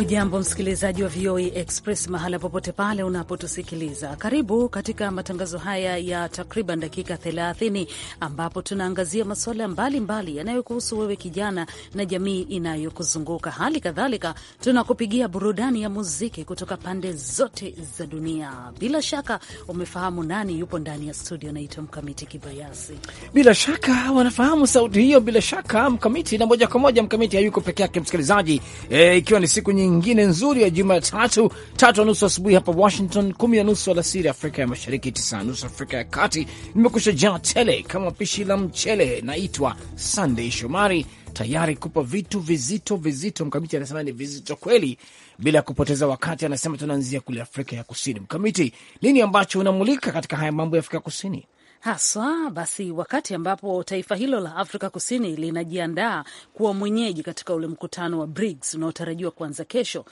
Hujambo msikilizaji wa VOA e Express mahala popote pale unapotusikiliza, karibu katika matangazo haya ya takriban dakika 30 ambapo tunaangazia masuala mbalimbali yanayokuhusu wewe kijana na jamii inayokuzunguka. Hali kadhalika tunakupigia burudani ya muziki kutoka pande zote za dunia. Bila shaka umefahamu nani yupo ndani ya studio, naitwa Mkamiti Kibayasi. Bila shaka wanafahamu sauti hiyo, bila shaka Mkamiti, na moja kwa moja Mkamiti hayuko peke yake msikilizaji, eh, ikiwa e, ni siku nyingi nyingine nzuri ya Jumatatu, tatu na nusu asubuhi hapa Washington, kumi na nusu alasiri Afrika ya Mashariki, tisa na nusu Afrika ya Kati. Nimekusha jaa tele kama pishi la mchele. Naitwa Sunday Shomari, tayari kupa vitu vizito vizito. Mkamiti anasema ni vizito kweli, bila kupoteza wakati, anasema tunaanzia kule Afrika ya Kusini. Mkamiti, nini ambacho unamulika katika haya mambo ya Afrika Kusini? haswa basi wakati ambapo taifa hilo la Afrika Kusini linajiandaa kuwa mwenyeji katika ule mkutano wa BRICS unaotarajiwa kuanza kesho.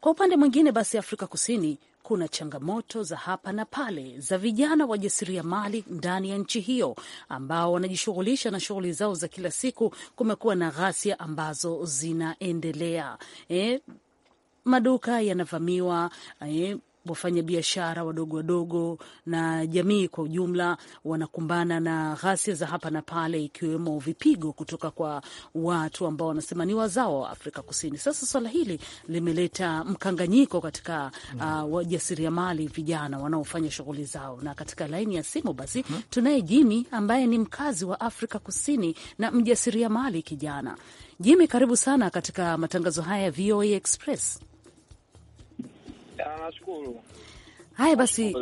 Kwa upande mwingine, basi Afrika Kusini kuna changamoto za hapa na pale za vijana wajasiriamali ndani ya nchi hiyo ambao wanajishughulisha na shughuli zao za kila siku. Kumekuwa na ghasia ambazo zinaendelea, e, maduka yanavamiwa, e, wafanyabiashara wadogo wadogo na jamii kwa ujumla wanakumbana na ghasia za hapa na pale, ikiwemo vipigo kutoka kwa watu ambao wanasema ni wazao wa Afrika Kusini. Sasa swala hili limeleta mkanganyiko katika uh, wajasiriamali vijana wanaofanya shughuli zao, na katika laini ya simu basi mhm. tunaye Jimi ambaye ni mkazi wa Afrika Kusini na mjasiriamali kijana. Jimi, karibu sana katika matangazo haya ya VOA Express nashukuru. Haya basi,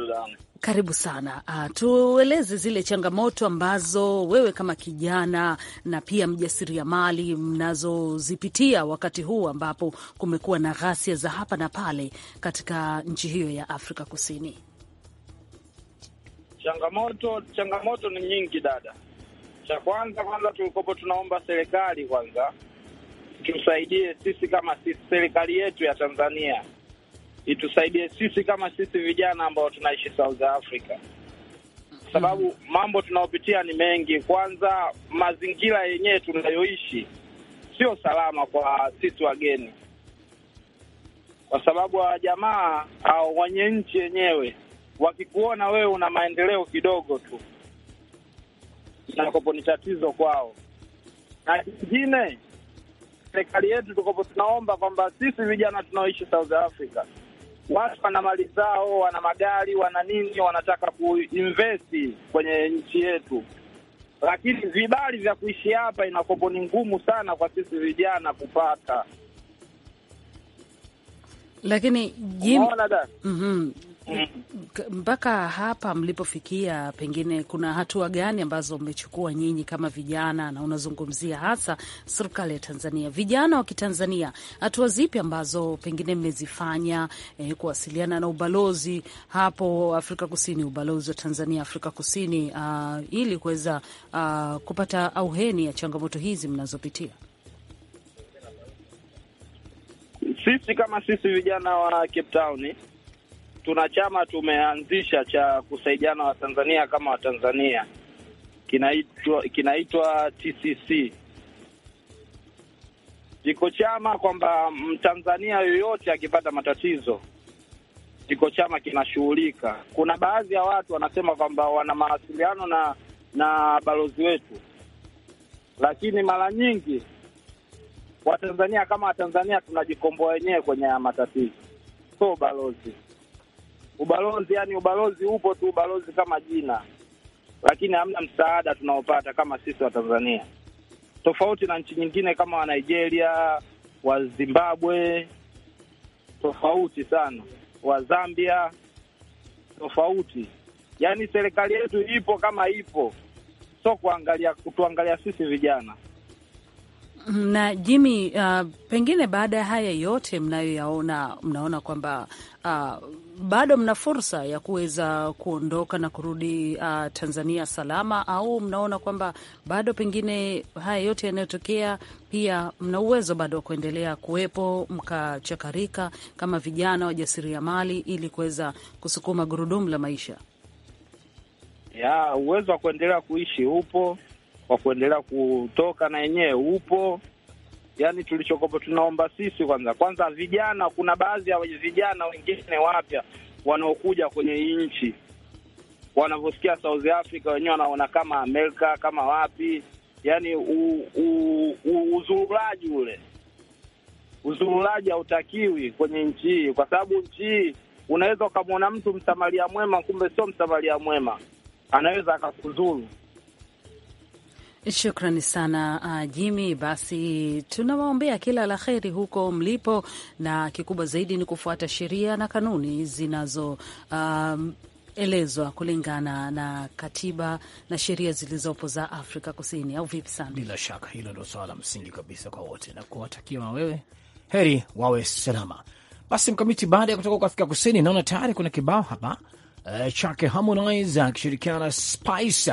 karibu sana. Uh, tueleze zile changamoto ambazo wewe kama kijana na pia mjasiriamali mnazozipitia wakati huu ambapo kumekuwa na ghasia za hapa na pale katika nchi hiyo ya Afrika Kusini. Changamoto changamoto ni nyingi dada. Cha kwanza kwanza, tulikopo tunaomba serikali kwanza tusaidie sisi kama sisi, serikali yetu ya Tanzania itusaidie sisi kama sisi vijana ambao tunaishi South Africa, sababu mambo tunayopitia ni mengi. Kwanza, mazingira yenyewe tunayoishi sio salama kwa sisi wageni, kwa sababu wa jamaa au wenye nchi yenyewe wakikuona wewe una maendeleo kidogo tu, nakopo ni tatizo kwao. Na kingine, serikali yetu tukopo tunaomba kwamba sisi vijana tunaoishi South Africa watu wana mali zao, wana magari, wana nini, wanataka kuinvesti kwenye nchi yetu, lakini vibali vya kuishi hapa inakopo ni ngumu sana kwa sisi vijana kupata. Lakini Jim... mm -hmm mpaka hapa mlipofikia, pengine kuna hatua gani ambazo mmechukua nyinyi kama vijana, na unazungumzia hasa serikali ya Tanzania, vijana wa Kitanzania, hatua zipi ambazo pengine mmezifanya eh, kuwasiliana na ubalozi hapo Afrika Kusini, ubalozi wa Tanzania Afrika Kusini, uh, ili kuweza uh, kupata auheni ya changamoto hizi mnazopitia? Sisi kama sisi vijana wa Cape Town tuna chama tumeanzisha cha kusaidiana Watanzania kama Watanzania, kinaitwa kina TCC. Kiko chama kwamba Mtanzania yoyote akipata matatizo, kiko chama kinashughulika. Kuna baadhi ya watu wanasema kwamba wana mawasiliano na na balozi wetu, lakini mara nyingi Watanzania kama Watanzania tunajikomboa wenyewe kwenye matatizo, so balozi Ubalozi yani, ubalozi upo tu, ubalozi kama jina, lakini hamna msaada tunaopata kama sisi wa Tanzania, tofauti na nchi nyingine kama wa Nigeria, wa Zimbabwe, tofauti sana, wa Zambia, tofauti yani. Serikali yetu ipo kama ipo, so kuangalia kutuangalia sisi vijana na Jimmy, uh, pengine baada ya haya yote mnayoyaona, mnaona kwamba uh, bado mna fursa ya kuweza kuondoka na kurudi uh, Tanzania salama, au mnaona kwamba bado pengine haya yote yanayotokea, pia mna uwezo bado wa kuendelea kuwepo mkachakarika kama vijana wajasiriamali ili kuweza kusukuma gurudumu la maisha? Ya uwezo wa kuendelea kuishi upo, wa kuendelea kutoka na yenyewe upo yani tulichokopo, tunaomba sisi kwanza kwanza, vijana, kuna baadhi ya vijana wengine wapya wanaokuja kwenye hii nchi wanavyosikia South Africa wenyewe wanaona kama Amerika kama wapi, yani uzurulaji ule uzurulaji hautakiwi kwenye nchi hii, kwa sababu nchi hii unaweza ukamwona mtu msamaria mwema, kumbe sio msamaria mwema, anaweza akakuzuru. Shukrani sana uh, Jimmy. Basi tunawaombea kila la heri huko mlipo, na kikubwa zaidi ni kufuata sheria na kanuni zinazo um, elezwa kulingana na katiba na sheria zilizopo za Afrika Kusini, au vipi? Sana, bila shaka hilo ndio swala la msingi kabisa kwa wote, na kuwatakia wewe heri wawe salama. Basi mkamiti, baada ya kutoka huko Afrika Kusini, naona tayari kuna kibao hapa uh, chake Harmonize akishirikiana na Spice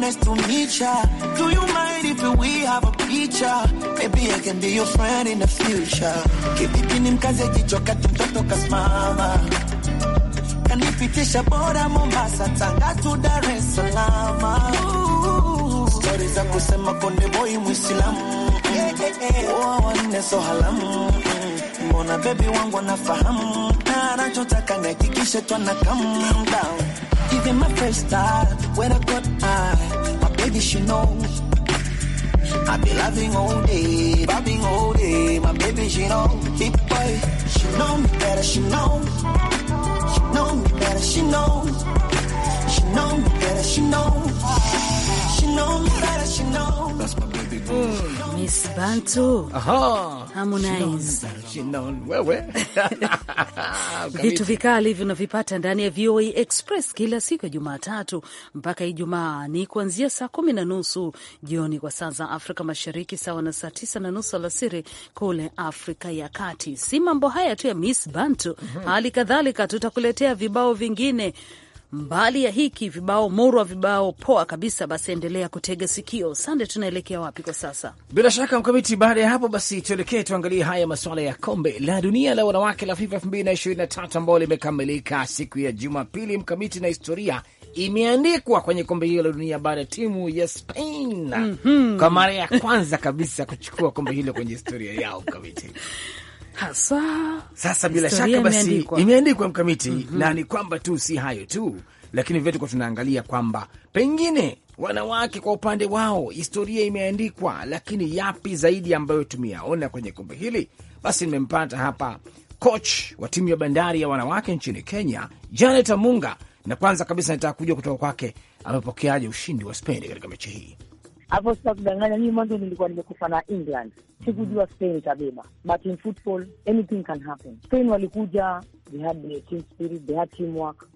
nice to meet ya. Do you mind if we have a picture? Maybe I can be your friend in the future. Kivipi nimkaze jicho kati mtoto kasimama. Kanipitisha boda Mombasa, Tanga to Dar es Salaam. Stori za kusema konde boy Muislamu. Eh, eh, eh. wanne so halamu. Mbona baby wangu anafahamu. Na anachotaka ngakikishe twanakamu down. Even my first time when I got high, my baby she knows. I be loving all day, loving all day. My baby she knows, big boy. She know me better, she knows. She know me better, she knows. She know me better, she knows. She know me better, she knows. Mm, Miss Bantu. Aha. Harmonize. Vitu vikali vinavipata unavipata ndani ya VOA Express kila siku ya Jumatatu mpaka Ijumaa ni kuanzia saa kumi na nusu jioni kwa saa za Afrika Mashariki, sawa na saa tisa na nusu alasiri kule Afrika ya Kati. Si mambo haya tu ya Miss Bantu, mhm. hali kadhalika tutakuletea vibao vingine Mbali ya hiki vibao morwa, vibao poa kabisa, basi endelea kutega sikio. Sande, tunaelekea wapi kwa sasa? Bila shaka Mkamiti, baada ya hapo basi tuelekee tuangalie haya masuala ya kombe la dunia la wanawake la FIFA 2023 ambao limekamilika siku ya Jumapili Mkamiti, na historia imeandikwa kwenye kombe hilo la dunia baada ya timu ya Spain mm -hmm. kwa mara ya kwanza kabisa kuchukua kombe hilo kwenye historia yao Mkamiti hasa. Sasa bila shaka basi imeandikwa mkamiti mm -hmm. na ni kwamba tu si hayo tu, lakini vile tuko tunaangalia kwamba pengine wanawake kwa upande wao historia imeandikwa, lakini yapi zaidi ambayo tumeyaona kwenye kombe hili? Basi nimempata hapa coach wa timu ya bandari ya wanawake nchini Kenya, Janet Amunga, na kwanza kabisa nataka kujua kutoka kwake amepokeaje ushindi wa Spain katika mechi hii hapo sasa kudanganya mimi mwanzo nilikuwa nimekufa na England, sikujua Spain itabeba, but in football anything can happen. Spain walikuja, they had the team spirit, they had teamwork,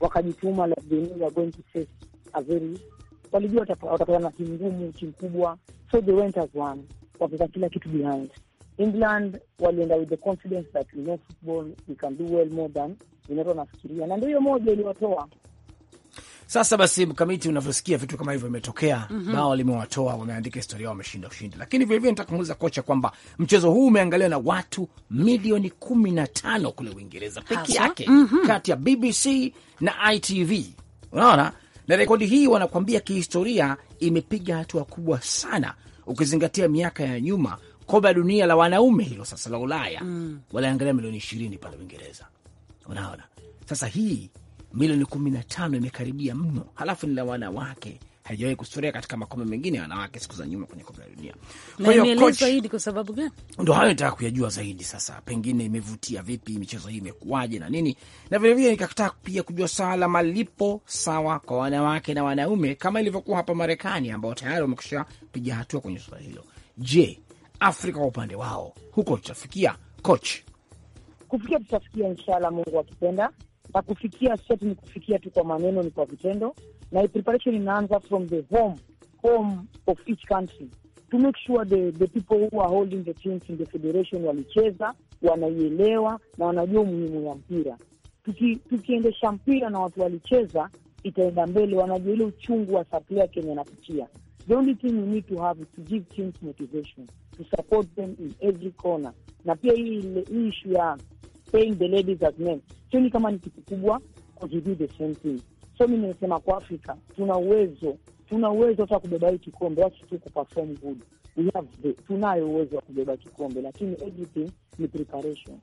wakajituma like they knew they are going to face a very, walijua watapatana na timu ngumu, timu kubwa, so they went as one, wakaweka kila kitu behind. England walienda with the confidence that we know football, we can do well more than inato nafikiria, na ndio hiyo moja iliwatoa sasa basi, mkamiti, unavyosikia vitu kama hivyo vimetokea, mm -hmm. bao limewatoa, wameandika historia, wameshinda ushindi. Lakini vilevile nataka kumuuliza kocha kwamba mchezo huu umeangaliwa na watu milioni kumi na tano kule Uingereza peke yake, mm -hmm. kati ya BBC na ITV, unaona na rekodi hii wanakwambia kihistoria, imepiga hatua kubwa sana ukizingatia miaka ya nyuma. Kombe la dunia la wanaume hilo sasa la Ulaya mm. waliangalia milioni ishirini pale Uingereza, unaona sasa hii milioni kumi na tano imekaribia mno, halafu ni la wanawake haijawahi kustoria katika makombe mengine ya wanawake siku za nyuma kwenye kombe la dunia. Kwa hiyo coach, kwa sababu gani? Ndio hayo nitaka kuyajua zaidi sasa, pengine imevutia vipi michezo hii, imekuwaje na nini, na vilevile nikataka pia kujua swala la malipo sawa kwa wanawake na wanaume kama ilivyokuwa hapa Marekani, ambao tayari wamekusha piga hatua kwenye swala hilo. Je, Afrika kwa upande wao huko tutafikia coach? Kufikia tutafikia, inshallah, Mungu akipenda na kufikia, si ni kufikia tu kwa maneno, ni kwa vitendo, na preparation inaanza from the home home of each country to make sure the, the people who are holding the teams in the federation walicheza, wanaielewa na wanajua umuhimu ya mpira. Tukiendesha Tuki, mpira na watu walicheza, itaenda mbele, wanajua ile uchungu wa supply Kenya anapitia. The only thing we need to have is to give teams motivation to support them in every corner, na pia hii issue ya paying the ladies as men sioni kama ni kitu kubwa kuzidi the same thing. So mi nimesema kwa Afrika tuna uwezo, tuna uwezo hata kubeba hii kikombe, wacha tu kuperform good, we have the, tunayo uwezo wa kubeba kikombe, lakini everything ni preparation.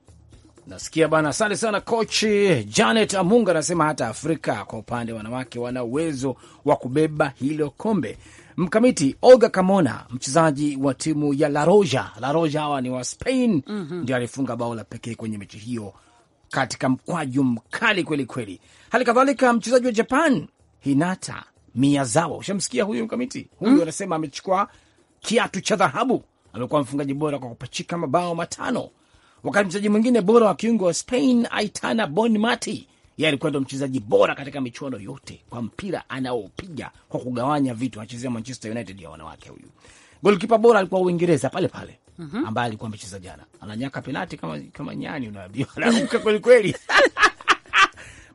Nasikia bana, asante sana coach Janet Amunga. Anasema hata Afrika kwa upande wanawake wana uwezo wa kubeba hilo kombe. Mkamiti Olga Camona, mchezaji wa timu ya Laroja, Laroja hawa ni wa Spain, mm -hmm. ndio alifunga bao la pekee kwenye mechi hiyo katika mkwaju mkali kweli kweli. Hali kadhalika mchezaji wa Japan Hinata Miyazawa, ushamsikia huyu mkamiti huyu mm, anasema amechukua kiatu cha dhahabu, amekuwa mfungaji bora kwa kupachika mabao matano, wakati mchezaji mwingine bora wa kiungo wa Spain Aitana Bonmati ye alikuwa ndo mchezaji bora katika michuano yote kwa mpira anaopiga kwa kugawanya vitu, anachezea Manchester United ya wanawake. Huyu golkipa bora alikuwa Uingereza pale pale -hmm. ambaye alikuwa amecheza jana, ananyaka penati kama, kama nyani, unaambiwa anaruka kwelikweli.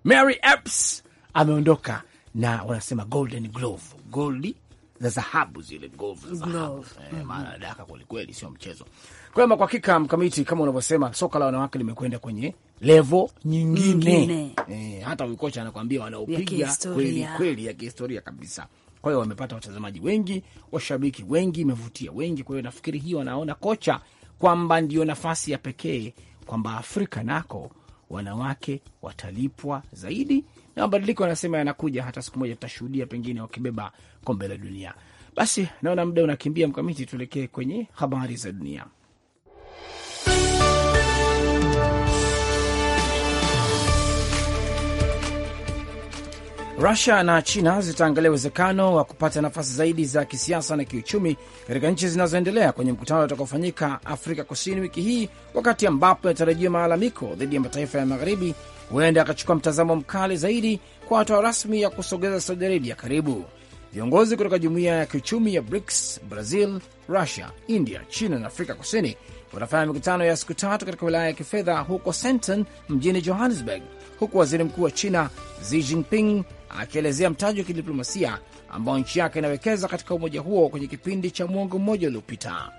Mary Epps ameondoka na wanasema golden glove, goldi za dhahabu, zile glove za dhahabu eh, mhm. maana daka kwelikweli, sio mchezo. Kwa hiyo kwa hakika mkamiti, kama unavyosema, soka la wanawake limekwenda kwenye levo nyingine, nyingine. Eh, hata huyu kocha anakuambia wanaopiga kweli kweli ya kihistoria kabisa. Kwa hiyo wamepata watazamaji wengi, washabiki wengi, imevutia wengi. Kwa hiyo nafikiri hiyo wanaona kocha kwamba ndio nafasi ya pekee kwamba Afrika nako wanawake watalipwa zaidi, na mabadiliko anasema yanakuja, hata siku moja tutashuhudia pengine wakibeba kombe la dunia. Basi naona muda unakimbia, Mkamiti, tuelekee kwenye habari za dunia. Rusia na China zitaangalia uwezekano wa kupata nafasi zaidi za kisiasa na kiuchumi katika nchi zinazoendelea kwenye mkutano utakaofanyika Afrika Kusini wiki hii, wakati ambapo yanatarajiwa malalamiko dhidi ya mataifa ya magharibi huenda akachukua mtazamo mkali zaidi kwa hatua rasmi ya kusogeza Saudi Arabia karibu. Viongozi kutoka jumuiya ya kiuchumi ya BRICS, Brazil, Rusia, India, China na Afrika Kusini wanafanya mikutano ya siku tatu katika wilaya ya kifedha huko Sandton mjini Johannesburg huku waziri mkuu wa China Xi Jinping akielezea mtaji wa kidiplomasia ambao nchi yake inawekeza katika umoja huo kwenye kipindi cha mwongo mmoja uliopita.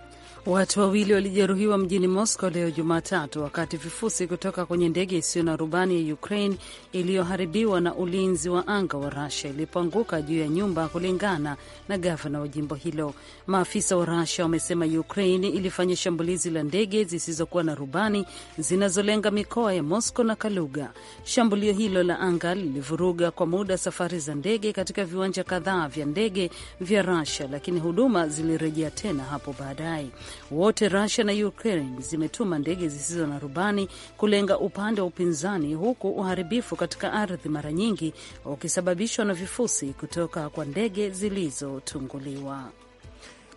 Watu wawili walijeruhiwa mjini Moscow leo Jumatatu wakati vifusi kutoka kwenye ndege isiyo na rubani ya Ukraine iliyoharibiwa na ulinzi wa anga wa rasia ilipoanguka juu ya nyumba, kulingana na gavana wa jimbo hilo. Maafisa wa rasia wamesema Ukraine ilifanya shambulizi la ndege zisizokuwa na rubani zinazolenga mikoa ya Moscow na Kaluga. Shambulio hilo la anga lilivuruga kwa muda safari za ndege katika viwanja kadhaa vya ndege vya Russia, lakini huduma zilirejea tena hapo baadaye wote Rusia na Ukraine zimetuma ndege zisizo na rubani kulenga upande wa upinzani, huku uharibifu katika ardhi mara nyingi ukisababishwa na vifusi kutoka kwa ndege zilizotunguliwa.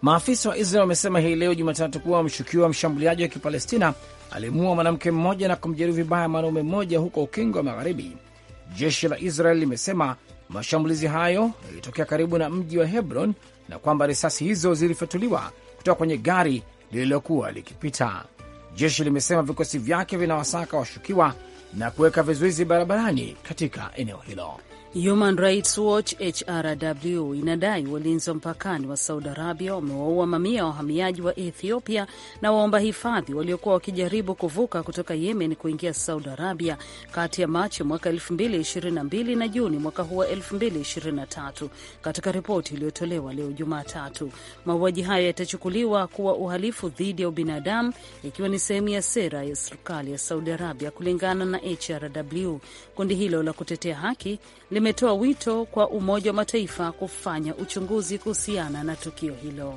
Maafisa wa Israel wamesema hii leo Jumatatu kuwa mshukiwa mshambuliaji wa Kipalestina alimuua mwanamke mmoja na kumjeruhi vibaya mwanaume mmoja huko Ukingo wa Magharibi. Jeshi la Israel limesema mashambulizi hayo yalitokea karibu na mji wa Hebron na kwamba risasi hizo zilifyatuliwa kutoka kwenye gari lililokuwa likipita. Jeshi limesema vikosi vyake vinawasaka washukiwa na kuweka vizuizi barabarani katika eneo hilo. Human Rights Watch HRW inadai walinzi wa mpakani wa Saudi Arabia wamewaua mamia ya wahamiaji wa Ethiopia na waomba hifadhi waliokuwa wakijaribu kuvuka kutoka Yemen kuingia Saudi Arabia kati ya Machi mwaka 2022 na Juni mwaka huu wa 2023, katika ripoti iliyotolewa leo Jumatatu. Mauaji hayo yatachukuliwa kuwa uhalifu dhidi ya ubinadamu, ikiwa ni sehemu ya sera ya serikali ya Saudi Arabia, kulingana na HRW. Kundi hilo la kutetea haki lime imetoa wito kwa Umoja wa Mataifa kufanya uchunguzi kuhusiana na tukio hilo.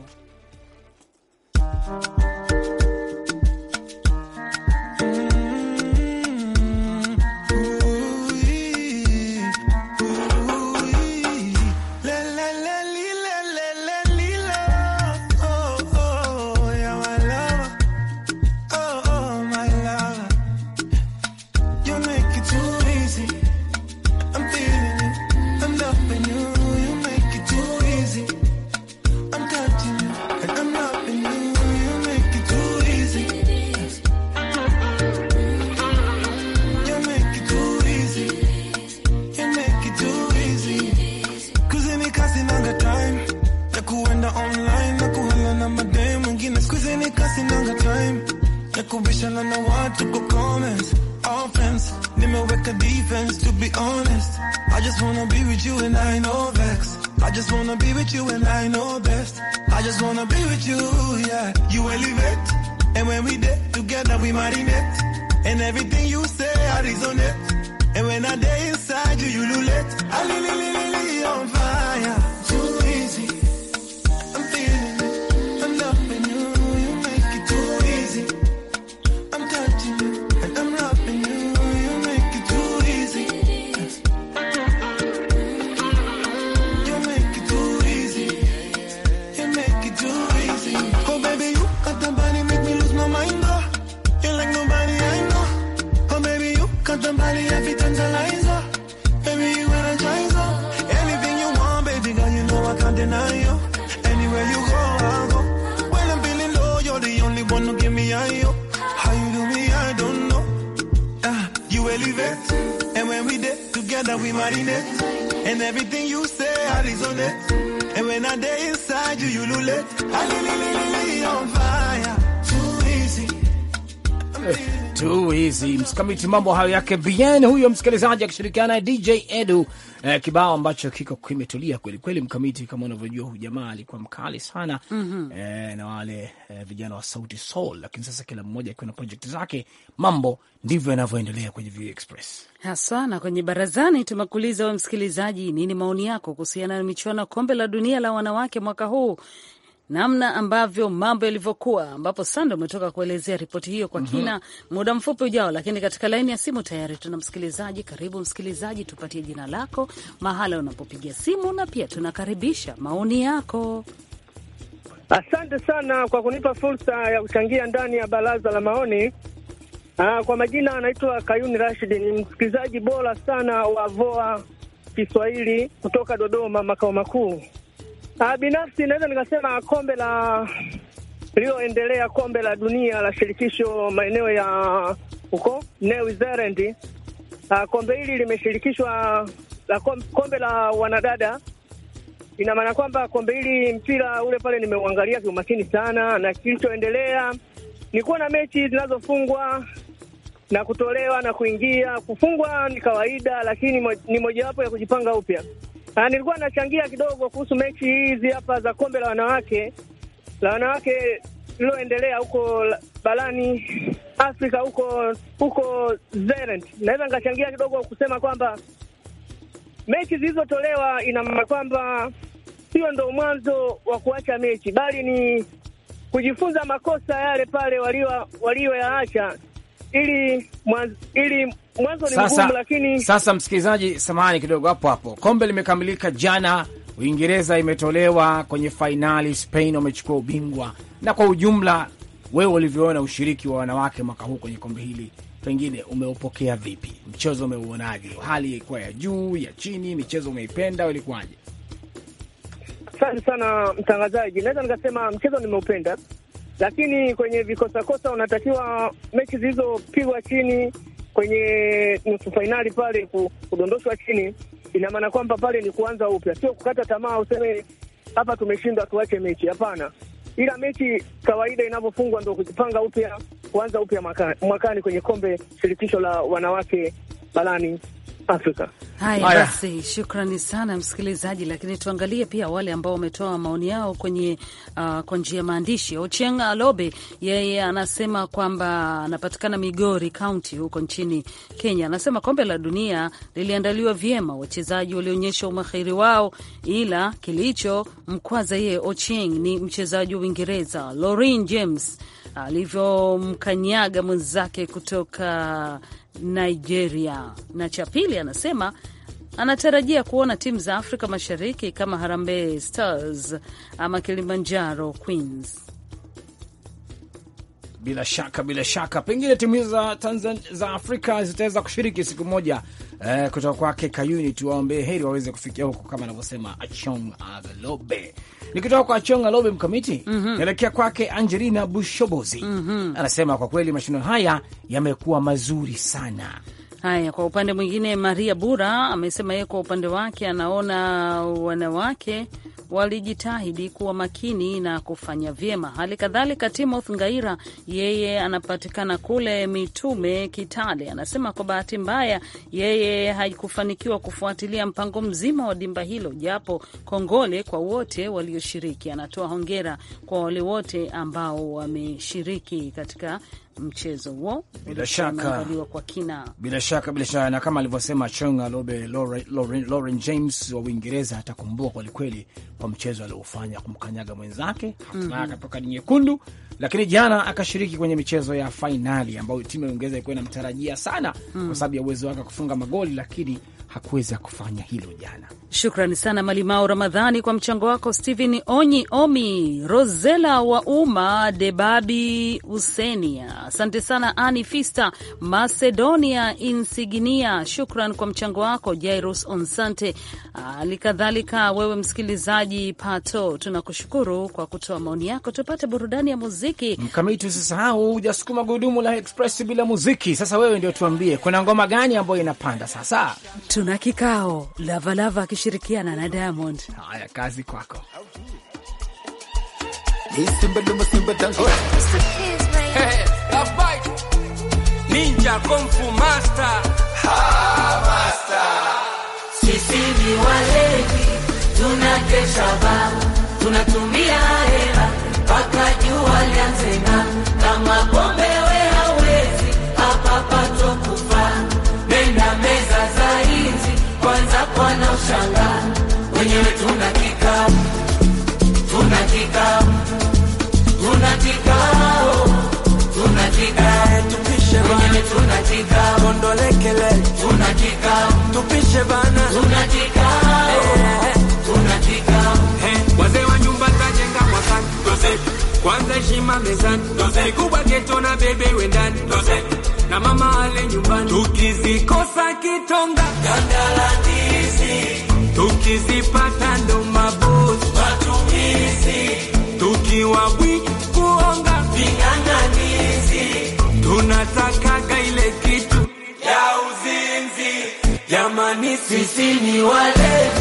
Mkamiti, mambo hayo yake bien, huyo msikilizaji akishirikiana na DJ Edu eh, kibao ambacho kiko kimetulia kweli kweli. Mkamiti, kama unavyojua, huyu jamaa alikuwa mkali sana mm -hmm. eh, na wale eh, vijana wa Sauti Soul, lakini sasa kila mmoja akiwa na project zake. Mambo ndivyo yanavyoendelea kwenye View Express haswa na kwenye barazani tumekuuliza we msikilizaji, nini maoni yako kuhusiana na michuano ya kombe la dunia la wanawake mwaka huu? namna ambavyo mambo yalivyokuwa, ambapo sanda umetoka kuelezea ripoti hiyo kwa mhm. kina mm -hmm. muda mfupi ujao. Lakini katika laini ya simu tayari tuna msikilizaji. Karibu msikilizaji, tupatie jina lako, mahala unapopigia simu, na pia tunakaribisha maoni yako. Asante sana kwa kunipa fursa ya kuchangia ndani ya baraza la maoni. Aa, ah, kwa majina anaitwa Kayuni Rashid, ni msikilizaji bora sana wa VOA Kiswahili kutoka Dodoma, makao makuu. Ah, binafsi naweza nikasema kombe la lililoendelea, kombe la dunia la shirikisho maeneo ya huko New Zealand. Ah, kombe hili limeshirikishwa la kombe la wanadada ina maana kwamba kombe hili mpira ule pale nimeuangalia kiumakini sana, na kilichoendelea ni kuwa na mechi zinazofungwa na kutolewa na kuingia. Kufungwa ni kawaida, lakini ni mojawapo ya kujipanga upya. Ah, nilikuwa nachangia kidogo kuhusu mechi hizi hapa za kombe la wanawake la wanawake liloendelea huko barani Afrika huko huko Zerent. Naweza nikachangia kidogo kusema kwamba mechi zilizotolewa ina maana kwamba hiyo ndo mwanzo wa kuacha mechi, bali ni kujifunza makosa yale pale walioyaacha, ili ili mwanzo ni mgumu, lakini sasa, msikilizaji, samahani kidogo hapo hapo. Kombe limekamilika jana, Uingereza imetolewa kwenye fainali, Spain wamechukua ubingwa. Na kwa ujumla, wewe ulivyoona ushiriki wa wanawake mwaka huu kwenye kombe hili, pengine umeupokea vipi? Mchezo umeuonaje? Hali ilikuwa ya juu, ya chini? Michezo umeipenda, ilikuwaje? Asante sana mtangazaji. Naweza nikasema mchezo nimeupenda, lakini kwenye vikosakosa unatakiwa mechi zilizopigwa chini kwenye nusu fainali pale kudondoshwa chini, ina maana kwamba pale ni kuanza upya, sio kukata tamaa useme hapa tumeshindwa tuache mechi. Hapana, ila mechi kawaida inavyofungwa ndo kujipanga upya, kuanza upya mwakani kwenye kombe shirikisho la wanawake barani Haya basi, shukrani sana msikilizaji, lakini tuangalie pia wale ambao wametoa maoni yao kwenye uh, kwa njia ya maandishi. Ochieng Alobe yeye anasema kwamba anapatikana Migori kaunti huko nchini Kenya. Anasema kombe la dunia liliandaliwa vyema, wachezaji walionyesha umahiri wao, ila kilicho mkwaza yeye Ochieng ni mchezaji wa Uingereza Lorin James alivyomkanyaga mwenzake kutoka Nigeria. Na cha pili anasema anatarajia kuona timu za Afrika Mashariki kama Harambee Stars ama Kilimanjaro Queens. Bila shaka, bila shaka, pengine timu hizo za za Afrika zitaweza kushiriki siku moja eh, kutoka kwake Kayuni. Tuwaombee heri waweze kufikia huko kama anavyosema Achong Agalobe. Nikitoka kwa Achong alobe mkamiti mm -hmm. naelekea kwake Angelina Bushobozi mm -hmm. anasema kwa kweli mashindano haya yamekuwa mazuri sana Haya, kwa upande mwingine, Maria Bura amesema yeye kwa upande wake anaona wanawake walijitahidi kuwa makini na kufanya vyema. Hali kadhalika timoth Ngaira, yeye anapatikana kule Mitume Kitale, anasema kwa bahati mbaya yeye haikufanikiwa kufuatilia mpango mzima wa dimba hilo, japo kongole kwa wote walioshiriki. Anatoa hongera kwa wale wote ambao wameshiriki katika mchezo huo bila shaka, kwa kina. Bila shaka, bila shaka, na kama alivyosema Chonga Lobe, Lauren, James wa Uingereza atakumbua kwelikweli kwa mchezo aliofanya kumkanyaga mwenzake, mhm. akatoka mm -hmm. ni nyekundu, lakini jana akashiriki kwenye michezo ya fainali ambayo timu ya Uingereza ilikuwa inamtarajia sana mm -hmm. kwa sababu ya uwezo wake wa kufunga magoli, lakini hakuweza kufanya hilo jana. Shukrani sana Malimao Ramadhani kwa mchango wako. stehen Onyi Omi, Rosela wa Uma, Debabi Usenia, asante sana. Ani Fista Macedonia Insignia, shukran kwa mchango wako. Jairos Onsante, hali kadhalika wewe msikilizaji Pato, tunakushukuru kwa kutoa maoni yako. Tupate burudani ya muziki mkamiti. Usisahau hujasukuma gurudumu la express bila muziki. Sasa wewe ndio tuambie, kuna ngoma gani ambayo inapanda sasa tu tuna kikao Lavalava akishirikiana na Diamond. Haya, kazi kwako. Ninja Master. Ha, master. Sisi ni walevi, tunakesha bao, tunatumia hela mpaka jua lianze na mchanga, wenyewe tuna kikao, tuna kikao, tuna kikao, tuna kikao, tupishe bana, tuna kikao, ondolekele, tuna kikao, tupishe bana, tuna kikao, tuna kikao, wazee wa nyumba tajenga kwa sana, kwanza heshima mezani, mikubwa geto na bebe wendani na mama ale nyumbani, tukizikosa kitonga gandalani tukizipata ndo mabosi, matumizi tukiwa bwi kuonga ving'ang'anizi, tunatakaga ile kitu ya uzinzi. Jamani, sisi ni wale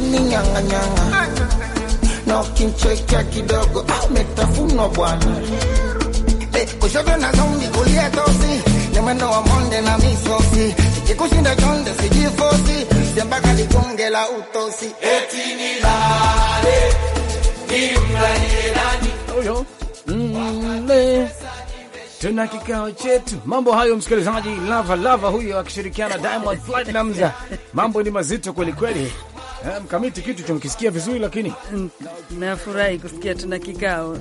ukininyang'anyang'a na ukimchekea kidogo umetafunwa ah, bwana. kushoto na zombi, kulia tosi ni mwendo wa monde na misosi, sikikushinda chonde sijifosi, sembaka ligonge la utosi eti ni lale nimlalie nani huyo mle mm-hmm. tuna kikao chetu. Mambo hayo msikilizaji, Lava Lava huyo akishirikiana Diamond Platnumz, mambo ni mazito kwelikweli. Eh, mkamiti kitu tumekisikia vizuri lakini nafurahi kusikia tuna kikao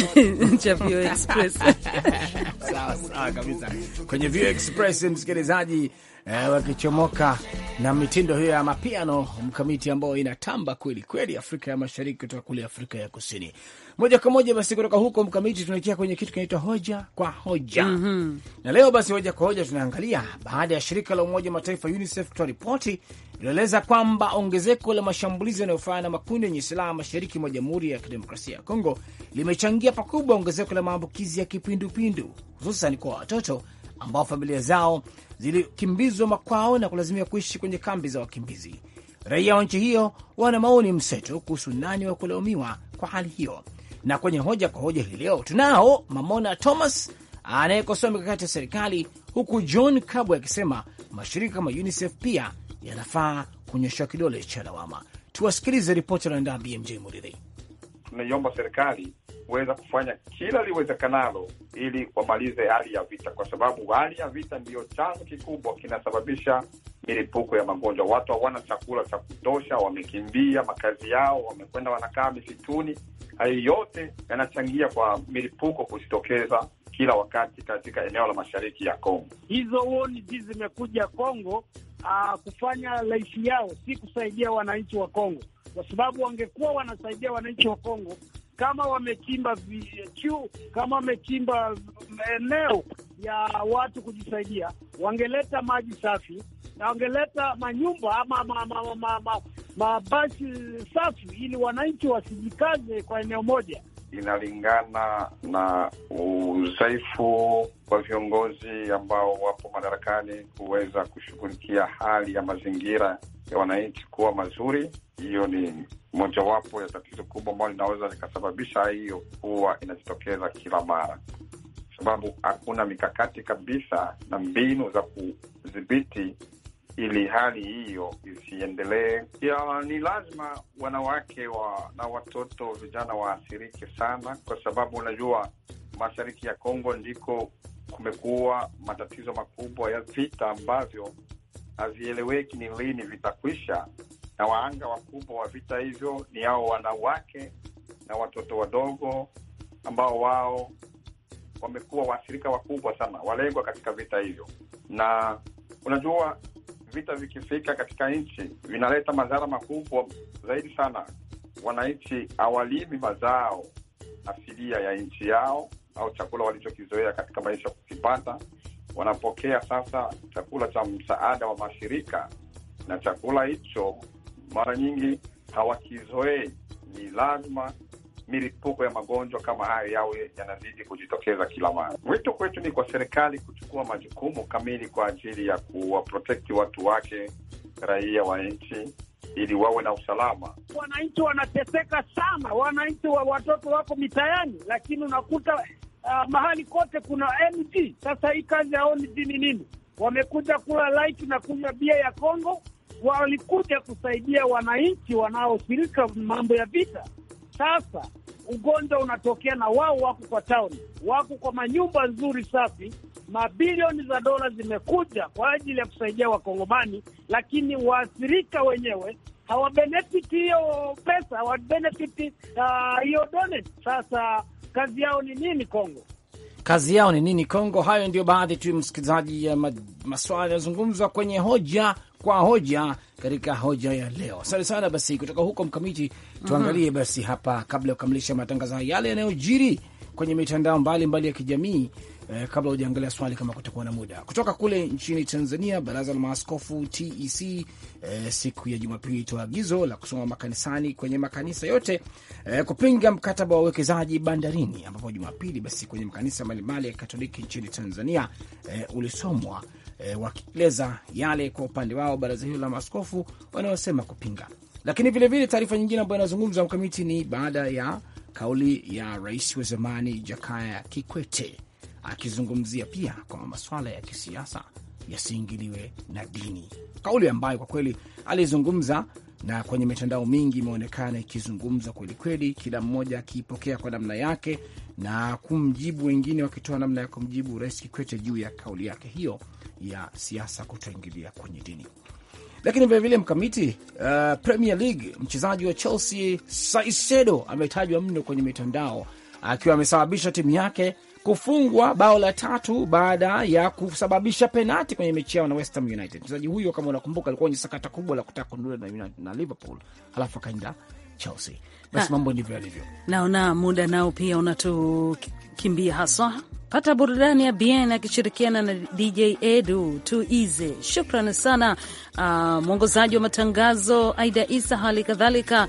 cha Vio Express. Sawa sawa kabisa kwenye Vio Express msikilizaji eh, wakichomoka na mitindo hiyo ya mapiano mkamiti ambayo inatamba kweli kweli Afrika ya Mashariki kutoka kule Afrika ya Kusini. Moja kwa moja basi kutoka huko mkamiti, tunaelekea kwenye kitu kinaitwa hoja kwa hoja mm -hmm. Na leo basi hoja kwa hoja tunaangalia baada ya shirika la Umoja Mataifa UNICEF kutoa ripoti ilieleza kwamba ongezeko la mashambulizi yanayofanya na makundi yenye silaha mashariki mwa Jamhuri ya Kidemokrasia ya Kongo limechangia pakubwa ongezeko la maambukizi ya kipindupindu hususan kwa watoto ambao familia zao zilikimbizwa makwao na kulazimika kuishi kwenye kambi za wakimbizi. Raia wa nchi hiyo wana maoni mseto kuhusu nani wa kulaumiwa kwa hali hiyo. Na kwenye hoja kwa hoja hii leo tunao Mamona Thomas anayekosoa mikakati ya serikali, huku John Kabwe akisema mashirika kama UNICEF pia yanafaa kunyoshwa kidole cha lawama. Tuwasikilize ripoti anaandaa BMJ Muridhi tunaiomba serikali kuweza kufanya kila liwezekanalo ili wamalize hali ya vita, kwa sababu hali ya vita ndiyo chanzo kikubwa kinasababisha milipuko ya magonjwa. Watu hawana chakula cha kutosha, wamekimbia makazi yao, wamekwenda wanakaa misituni. Hayo yote yanachangia kwa milipuko kujitokeza kila wakati katika eneo la mashariki ya Kongo. Hizo ONG zimekuja Kongo, uh, kufanya laishi yao, si kusaidia wananchi wa Kongo kwa sababu wangekuwa wanasaidia wananchi wa Kongo kama wamechimba vichu, kama wamechimba eneo ya watu kujisaidia, wangeleta maji safi na wangeleta manyumba ama mabasi ma, ma, ma, ma, ma safi, ili wananchi wasijikaze kwa eneo moja. Inalingana na udhaifu wa viongozi ambao wapo madarakani kuweza kushughulikia hali ya mazingira ya wananchi kuwa mazuri. Hiyo ni mojawapo ya tatizo kubwa ambayo linaweza likasababisha hiyo kuwa inajitokeza kila mara, sababu hakuna mikakati kabisa na mbinu za kudhibiti ili hali hiyo isiendelee. Ni lazima wanawake wa, na watoto vijana waathirike sana, kwa sababu unajua mashariki ya Kongo ndiko kumekuwa matatizo makubwa ya vita ambavyo havieleweki ni lini vitakwisha, na waanga wakubwa wa vita hivyo ni hao wanawake na watoto wadogo ambao wao wamekuwa waathirika wakubwa sana, walengwa katika vita hivyo. Na unajua vita vikifika katika nchi vinaleta madhara makubwa zaidi sana. Wananchi hawalimi mazao asilia ya nchi yao au chakula walichokizoea katika maisha kukipata, wanapokea sasa chakula cha msaada wa mashirika, na chakula hicho mara nyingi hawakizoei. Ni lazima milipuko ya magonjwa kama hayo yawe yanazidi kujitokeza kila mara. Wito kwetu ni kwa serikali kuchukua majukumu kamili kwa ajili ya kuwaprotekti watu wake, raia wa nchi ili wawe na usalama. Wananchi wanateseka sana, wananchi wa watoto wako mitaani, lakini unakuta uh, mahali kote kuna MG. Sasa hii kazi ya ONG ni nini? Wamekuja kula light na kunywa bia ya Kongo, walikuja kusaidia wananchi wanaoshirika mambo ya vita. Sasa ugonjwa unatokea na wao wako kwa tauni, wako kwa manyumba nzuri safi. Mabilioni za dola zimekuja kwa ajili ya kusaidia Wakongomani, lakini waathirika wenyewe hawabenefiti hiyo pesa, hawabenefiti ah, hiyo uh, donate. Sasa kazi yao ni nini Kongo? Kazi yao ni nini Kongo? Hayo ndio baadhi tu, msikilizaji, ya maswala yanayozungumzwa kwenye hoja kwa hoja katika hoja ya leo. Asante sana. Basi kutoka huko Mkamiti, tuangalie mhm. basi hapa, kabla ya kukamilisha matangazo yale yanayojiri kwenye mitandao mbalimbali mbali ya kijamii eh, kabla hujaangalia swali kama kutakuwa na muda kutoka kule nchini Tanzania, baraza la maaskofu TEC eh, siku ya Jumapili itoa agizo la kusoma makanisani kwenye makanisa yote eh, kupinga mkataba wa uwekezaji bandarini, ambapo Jumapili basi kwenye makanisa mbalimbali ya Katoliki nchini Tanzania eh, ulisomwa eh, wakieleza yale kwa upande wao baraza hilo la maaskofu wanaosema kupinga. Lakini vilevile taarifa nyingine ambayo inazungumzwa mkamiti ni baada ya kauli ya rais wa zamani Jakaya Kikwete akizungumzia pia kwamba masuala ya kisiasa yasiingiliwe na dini, kauli ambayo kwa kweli alizungumza na kwenye mitandao mingi imeonekana ikizungumza kwelikweli, kila mmoja akiipokea kwa namna yake na kumjibu, wengine wakitoa namna ya kumjibu Rais Kikwete juu ya kauli yake hiyo ya siasa kutoingilia kwenye dini. Lakini vilevile mkamiti, uh, Premier League, mchezaji wa Chelsea Saisedo ametajwa mno kwenye mitandao akiwa amesababisha timu yake kufungwa bao la tatu baada ya kusababisha penati kwenye mechi yao na West Ham United. Mchezaji huyo kama unakumbuka, alikuwa kwenye sakata kubwa la kutaka kununua na, na Liverpool halafu akaenda Chelsea. Basi ah. mambo ndivyo yalivyo. Naona muda nao pia unatukimbia haswa. Pata burudani ya BN akishirikiana na DJ Edu easy. Shukrani sana uh, mwongozaji wa matangazo Aida Isa, hali kadhalika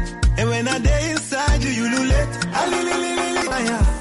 And when I day inside you, you lulate. I ah, li li li li li.